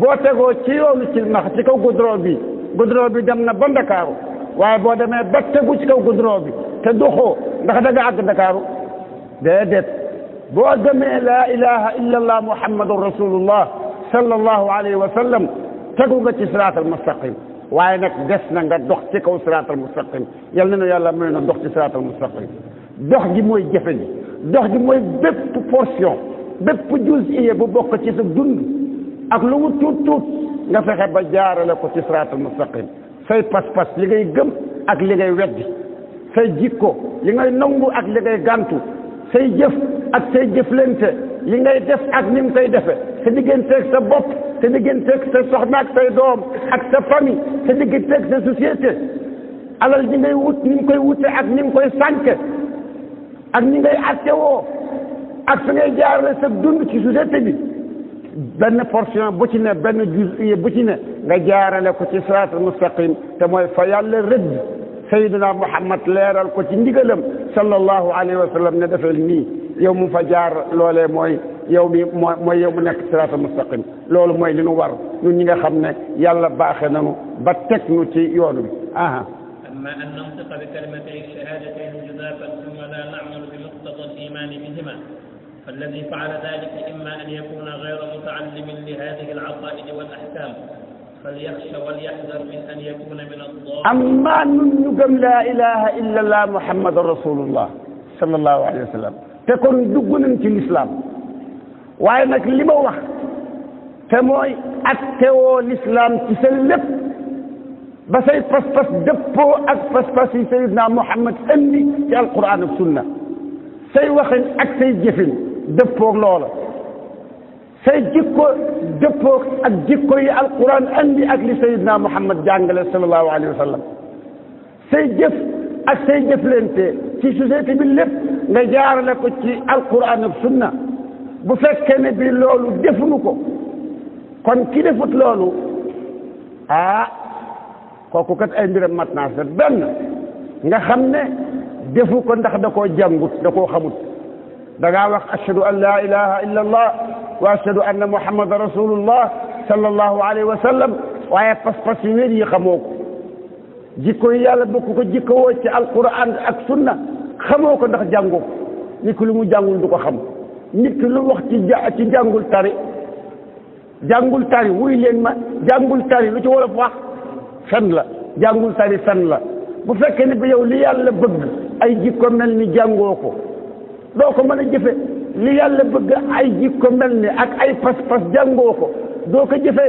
boo tegoo ci yoonu silmax ci kaw goudron bi goudron bi dem na ba ndakaaru waaye boo demee ba tegu ci kaw goudron bi te doxoo ndax da nga àgg ndakaaru déedéet boo demee laa ilaha illa allah muhammadun rasulullah sallallahu alayhi wa sallam tegu nga ci siraatal mustaqim waaye nag des na nga dox ci kaw siraatal mustaqim yal na nu yàlla may na dox ci siraatal mustaqim dox gi mooy jëfe gi dox gi mooy bépp portion bépp jus iye bu bokk ci sa dund ak lu mu tuut tuut nga fexe ba jaarale ko ci siraatal mustaqim say pas-pas li ngay gëm ak li ngay weddi say jikko li ngay nangu ak li ngay gàntu say jëf ak say jëflante li ngay def ak ni nga koy defe sa digganteeg sa bopp sa digganteeg sa soxna ak say doom ak sa famille sa digganteeg sa société alal ji ngay wut ni koy wute ak ni nga koy sànke ak ni ngay attewoo ak fi ngay jaarale sa dund ci société bi benn portion bu ci ne benn juz'iyya bu ci ne nga jaarale ko ci siraatal mustaqim te mooy fa yàlla rëdd sayyidina muhammad leeral ko ci ndigalam sallallahu alayhi wa sallam ne defeel nii yow mu fa jaar loolee mooy yow mi mooy mooy yow mu nekk siraatal mustaqim loolu mooy li nu war ñun ñi nga xam ne yàlla baaxe nanu ba teg nu ci yoon bi aha أما أن ننطق بكلمتي الشهادتين جزافا ثم لا نعمل بمقتضى الإيمان بهما فالذي فعل ذلك إما أن يكون غير متعلم لهذه العقائد والأحكام فليخشى وليحذر من أن يكون من الله أما نجم لا إله إلا الله محمد رسول الله صلى الله عليه وسلم تكون دقنا في الإسلام waaye اللي بوح تموي wax الإسلام تسلف بس بس بس دبو lépp بس say pas-pas dëppoo ak pas-pas yi sayidna dëppook loola say jikko dëppoog ak jikko yi alquran andi ak li sayidna muhammad jàngale sallallahu alayhi wa say jëf ak say jëflante ci société bi lépp nga jaarale ko ci alquran ak sunna bu fekkee ne bi loolu defuñu ko kon ki defut loolu ah kooku kat ay mbiram mat naa set benn nga xam ne defu ko ndax da koo jàngut da koo xamut دغا وخ اشهد ان لا اله الا الله واشهد ان محمد رسول الله صلى الله عليه وسلم واي فاس فاس ويري خموكو جيكو يالا بوكو جيكو سي القران اك سنه خموكو داخ جانغو نيت لو مو جانغول دوكو خم نيت لو وخ سي سي جانغول تاري جانغول تاري وي لين ما جانغول تاري لو تي ولاف وخ فن لا جانغول تاري فن لا بو فكني بيو لي يالا بغ اي جيكو ملني جانغوكو doo ko mën a jëfe li yàlla bëgg ay jikko mel ni ak ay pas-pas jàngoo ko doo ko jëfe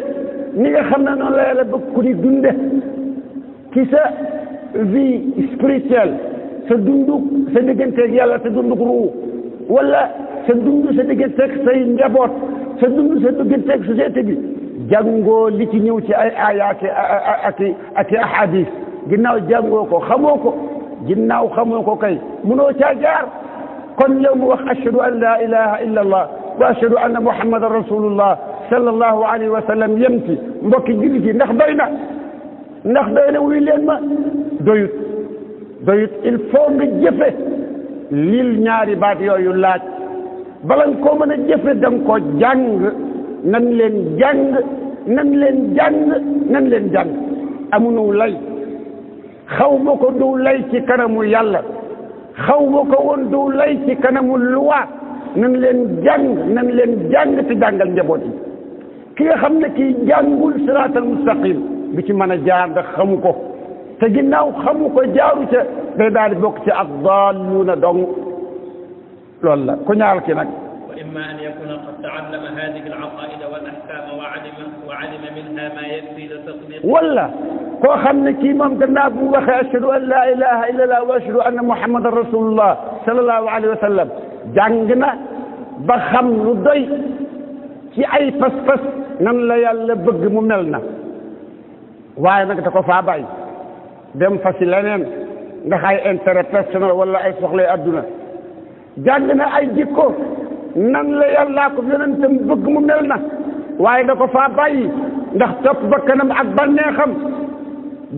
ni nga xam ne noonu la yàlla bëgg ku di dunde ci sa vie spirituelle sa dundu sa digganteeg yàlla sa dundu ruu wala sa dund sa digganteeg say njaboot sa dund sa digganteeg société bi jàngoo li ci ñëw ci ay aaya ak ak ak ahadis ginnaaw jàngoo ko xamoo ko ginnaaw xamoo ko kay mënoo caa jaar قل يوم أشهد أن لا إله إلا الله وأشهد أن محمد رسول الله صلى الله عليه وسلم يمتي مبكي جلتي نخبينا نخبينا ويلين ما دويت دويت الفوم الجفة ليل ناري بعد يوم يلات بلن كومن الجفة دمكو جنغ ننلين جنغ ننلين جنغ ننلين جنغ أمنو لي خوفكو دو لي كي كرمو يالله xaw ma ko woon du lay ci kanamu luwaat nan leen jàng nan leen jàng te jàngal njaboot yi ki nga xam ne kii jàngul siraat al mustaqim bi ci mën a jaar ndax xamu ko te ginnaaw xamu ko jaaru ca day daal di bokk ci ak daaluuna dong loolu la ku ñaar ki nag وإما أن يكون قد تعلم هذه العقائد والأحكام وعلم وعلم منها ما يكفي لتطبيق ولا koo xam ne kii moom gannaaw bu waxee ashhadu an laa ilaha illa allah wa ashhadu anna muhammadan rasulullah sallallahu alayhi wa sallam jàng na ba xam lu doy ci ay pas-pas nan la yàlla bëgg mu mel na waaye nag da ko faa bàyyi dem fasi leneen ndax ay intérêt personnel wala ay soxlay adduna jàng na ay jikko nan la yàllaa ko yonentam bëgg mu mel na waaye da ko faa bàyyi ndax topp bakkanam ak bànneexam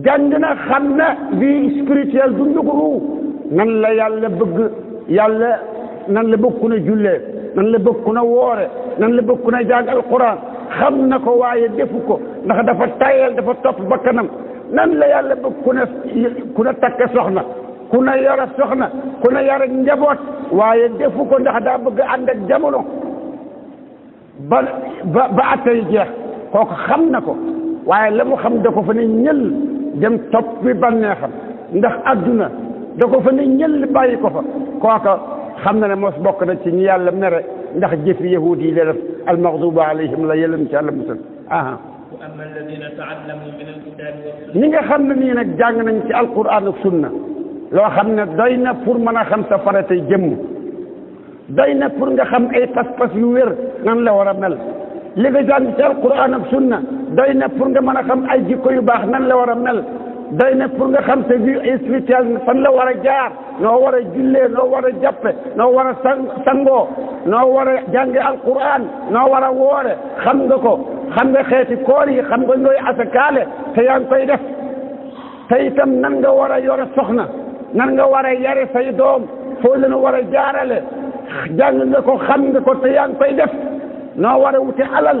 jàng na xam na vie spirituelle dund ko nan la yàlla bëgg yàlla nan la bëgg ku na jullee nan la bëgg ku na woore nan la bëgg ku na jàng alquran xam na ko waaye defu ko ndax dafa tayal dafa topp bakkanam nan la yàlla bëgg ku na ku na takk soxna ku na yore soxna ku na yore njaboot waaye defu ko ndax daa bëgg ànd ak jamono ba ba jeex kooku xam na ko waaye la mu xam da ko fa ne ñël dem top bi banexam ndax aduna da ko fa ne ñëll bayiko fa kooka xam na ne mos bok na ci ñi yàlla mere ndax jëfi yahudi le def al almaxduba alayhim la yëlam ci yàlla musal aha ñi nga xam ni nak jàng nañ ci al-qur'an ak sunna lo xamne doyna pour mën xam sa faratay jëm doyna pour nga xam ay pass pass yu wér nan la wara mel li nga jàng ci alquran ak sunna doy na pour nga mën a xam ay jikko yu baax nan la war a mel doy na pour nga xam sa vie spirituelle fan la war a jaar noo war a jullee noo war a jàppe noo war a sang sangoo noo war a jànge alquran noo war a woore xam nga ko xam nga xeeti koor xam nga ñooy asakaale te yaa ngi koy def te nan nga war a yore soxna nan nga war a yare say doom foo leen war a jaarale jàng nga ko xam nga ko te yaa ngi noo war a wute alal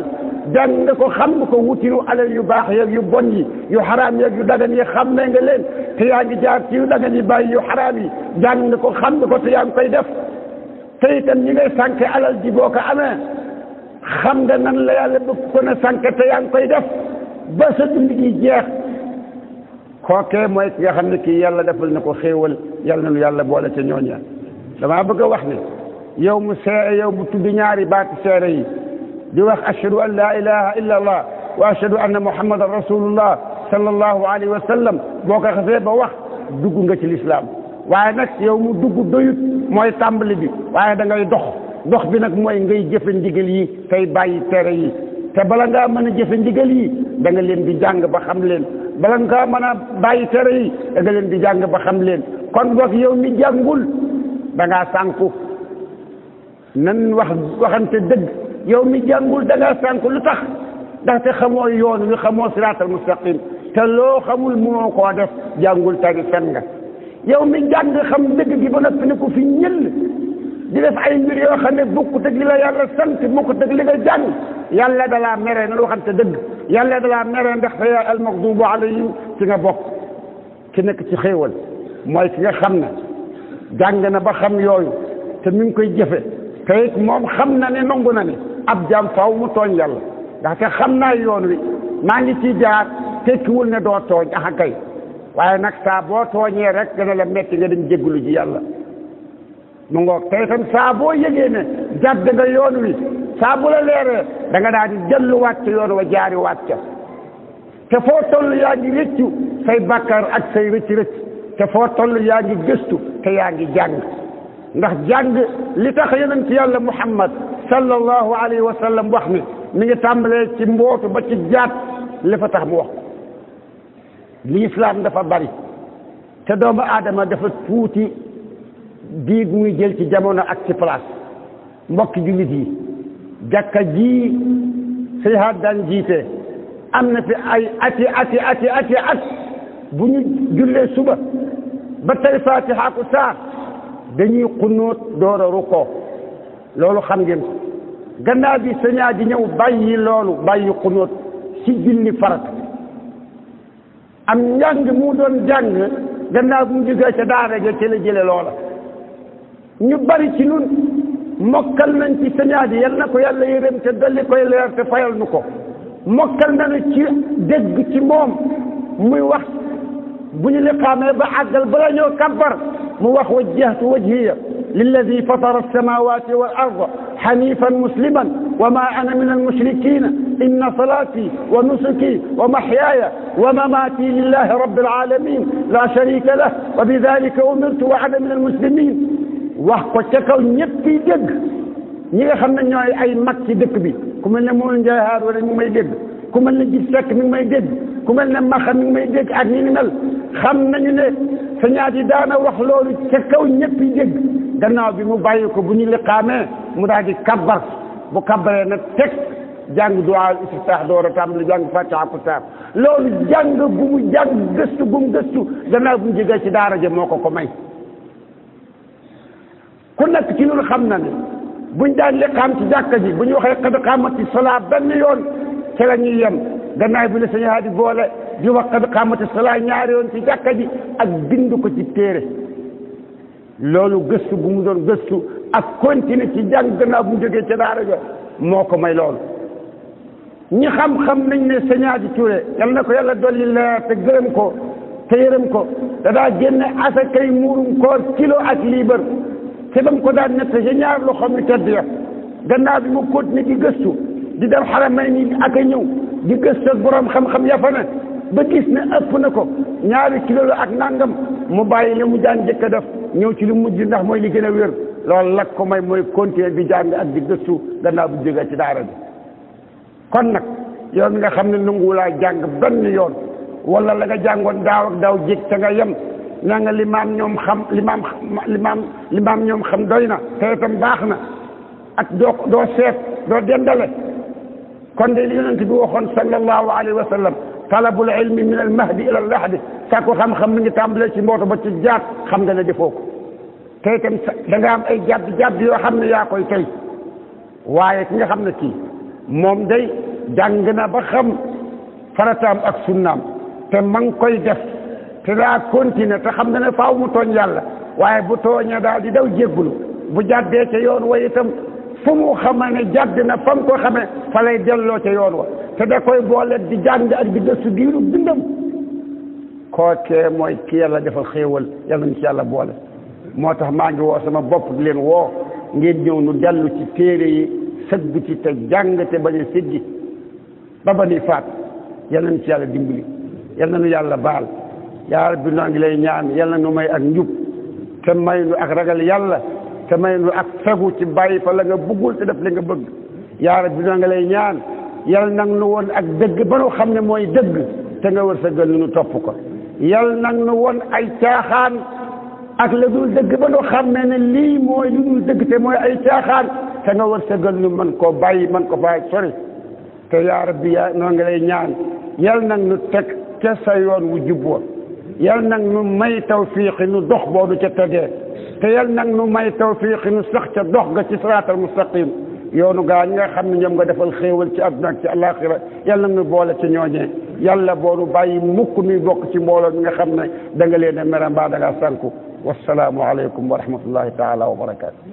jàng nga ko xam nga ko wutiru alal yu baax yeeg yu bon yi yu xaraam yeeg yu dagan yi xam ne nga leen te yaa ngi jaar ci yu dagan yi bàyyi yu xaraam yi jàng nga ko xam nga ko te yaa ngi koy def te itam ñi ngay sànke alal ji boo ko amee xam nga nan la yàlla bëgg ko na sànke te yaa ngi koy def ba sa dund gi jeex kookee mooy ki nga xam ne kii yàlla defal na ko xéewal yal na nu yàlla boole ca ñooña damaa bëgg a wax ne yow mu see yow mu tudd ñaari baati yi بوقت أشهد أن لا إله إلا الله وأشهد أن محمد رسول الله صلى الله عليه وسلم boo ko xasee ba wax dugg nga ci lislaam waaye nag yow mu dugg doyut mooy tàmbali bi waaye da ngay dox dox bi nag mooy ngay jëfe ndigal yi tey bàyyi tere yi te bala ngaa mën a jëfe ndigal yi da nga leen di jàng ba xam leen bala ngaa mën a bàyyi tere yi da nga leen di jàng ba xam leen kon boog yow mi jàngul da ngaa sànku nan wax waxante dëgg yow mi jàngul da ngaa sànk lu tax ndaxte xamoo yoon wi xamoo siraatal mustaqim te loo xamul mënoo koo def jàngul tari fen nga yow mi jàng xam dëgg gi ba noppi ne ko fi ñëll di def ay mbir yoo xam ne bokkut ak li la yàlla sant bokkut ak li nga jàng yàlla dalaa mere na lu waxante dëgg yàlla dalaa mere ndax te yaay almagdubu alayhim ci nga bokk ki nekk ci xéewal mooy ki nga xam na jàng na ba xam yooyu te mi ngi koy jëfe te it moom xam na ne nangu na ne ab jaam faaw mu tooñ yàlla ndaxte xam naa yoon wi maa ngi ciy jaar tekkiwul ne doo tooñ axa kay waaye nag saa boo tooñee rek dana la metti nga dem jéggulu ji yàlla mu ngoog tey tam saa boo yëgee ne jàdd nga yoon wi saa bu la leeree danga nga di delluwaat ca yoon wa jaari waat ca te foo toll yaa ngi rëccu say bàkkaar ak say rëcc rëcc te foo toll yaa ngi gëstu te yaa ngi jàng ndax jàng li tax yonent yàlla muhammad sallallahu alayhi wa sallam wax ni mi ngi tàmbalee ci mbootu ba ci jaat li fa tax mu wax ko lislaam dafa bari te doomu aadama dafa tuuti biig muy jël ci jamono ak ci place mbokki jullit yi jàkka ji sëñ Haat daan jiite am na fi ay ati ati ati ati at bu ñu jullee suba ba tey faatiha ak dañuy xunóot door a rukkoo loolu xam ngeen ko gannaaw bi sañaa di ñëw bàyyi loolu bàyyi xunóot ci julli farata am njàng mu doon jàng gannaaw bu mu jógee ca daara ja ca jële loola ñu bari ci nun mokkal nañ ci sañaa di yal na ko yàlla yërëm te dolli koy leer te fayal nu ko mokkal nañu ci dégg ci moom muy wax bu ñu liqaamee ba àggal bala ñoo kabbar mu wax wajjahtu wajhiya للذي فطر السماوات والأرض حنيفا مسلما وما أنا من المشركين إن صلاتي ونسكي ومحياي ومماتي لله رب العالمين لا شريك له وبذلك أمرت وأنا من المسلمين wax ko دق kaw ñëpp yi dégg ñi دق بي ne ñooy ay mag ci dëkk bi ku na ne ku mel ne maxa mi ngi may dégg ak ñi ni xam nañu ne sa ñaat yi daana wax loolu ca kaw ñëpp yi dégg bi mu bàyyi ko bu ñu liqaamee mu daal di kabbar bu kabbaree nag teg jàng duwaa istiftaax door a tàmbali jàng fatiha ku saar loolu jàng bu mu gëstu bu gëstu gannaaw bu mu ci daara ja moo ko ko may ku nekk ci loolu xam na ne buñ daan liqaam ci jàkka ji bu ñu waxee qad qaamati salaa benn yoon ca la ñuy yem gannaaw bi boole di wax qad qaamati salaa ñaari yoon ci jàkka ji ak bind ko ci téere loolu gëstu bu gëstu ak continuer ci jàng gannaaw bu mu jógee moo ko may loolu ñi xam-xam nañ ne sañu haadi na ko yàlla dolli leer te gërëm ko te ko da daa génne asakay muurum koor kilo ak liibar te ko daan nett sa ñaar loo xam ne tedd ya gannaaw bi mu continuer ci gëstu di dem Haramayni ak a ñëw di gëstu ak borom xam-xam yafa ba gis ne ëpp na ko ñaari kilo ak nangam mu bàyyi li mu daan njëkk a def ñëw ci lu mujj ndax mooy li gën a wér lool lak ko may mooy continuer bi jàng ak di gëstu gannaaw bu jógee ci daara bi kon nag yoon nga xam ne nanguwulaa jàng benn yoon wala la nga jàngoon daaw ak daaw jég ca nga yem nanga nga limaam ñoom xam ñoom xam doy na te baax na ak doo doo seet doo dendale كون دي يونت بي وخون صلى الله عليه وسلم طلب العلم من المهدي الى اللحد ساكو خم خم من تامبل سي موتا با سي جات خم دا نجي فوكو تي تام دا نغا ام اي جاب جاب يو خم يا كوي تي واي كيغا خم نا كي موم داي جانغنا با خم فراتام اك سنام تي مان كوي ديف تي لا كونتيني تا خم دا فاو مو توغ يالا واي بو توغ دا دي داو جيغلو بو جات دي تي يون واي تام fu mu xama jàdd na fa mu ko xamee fa lay delloo ca yoon wa te da koy boole di jàng ak di gëstu diiru bindam kookee mooy ki yàlla defal xéewal yàlla ñu ci yàlla boole moo tax maa ngi woo sama bopp leen woo ngeen ñëw nu dellu ci téere yi sëgg ci te jàng te bañ a siggi ba ba ni faat yàlla ñu ci yàlla dimbali yàlla nu yàlla baal yaa rabbi noo ngi lay ñaan yàlla nu may ak njub te may nu ak ragal yàlla te may nu ak fegu ci bàyyi fa la nga bëggul te def li nga bëgg yaa rabbi noo nga lay ñaan yal nag nu woon ak dëgg ba xam ne mooy dëgg te nga wër sa gën nu topp ko yal nag nu woon ay caaxaan ak la dul dëgg ba xam ne ne lii mooy lu dul dëgg te mooy ay caaxaan te nga wër sa gën nu mën koo bàyyi man ko faa sori te yaa rabbi yaa noo ñaan yal nag nu teg ca sa yoon wu jub woon yal nag nu may tawfiq nu dox boobu ca tëddee te yal nag nu may tawfiq nu sax ca dox ga ci siraatal mustaqim yoonu gaa ñi nga xam ne ñoom nga defal xéewal ci àdduna ak ci alaxira yal nag nu boole ci ñooñee yàlla boo nu bàyyi mukk nuy bokk ci mbooloo mi nga xam ne da nga leen a mere mbaa da ngaa sànku wasalaamu aleykum wa rahmatullahi taala wa barakaatu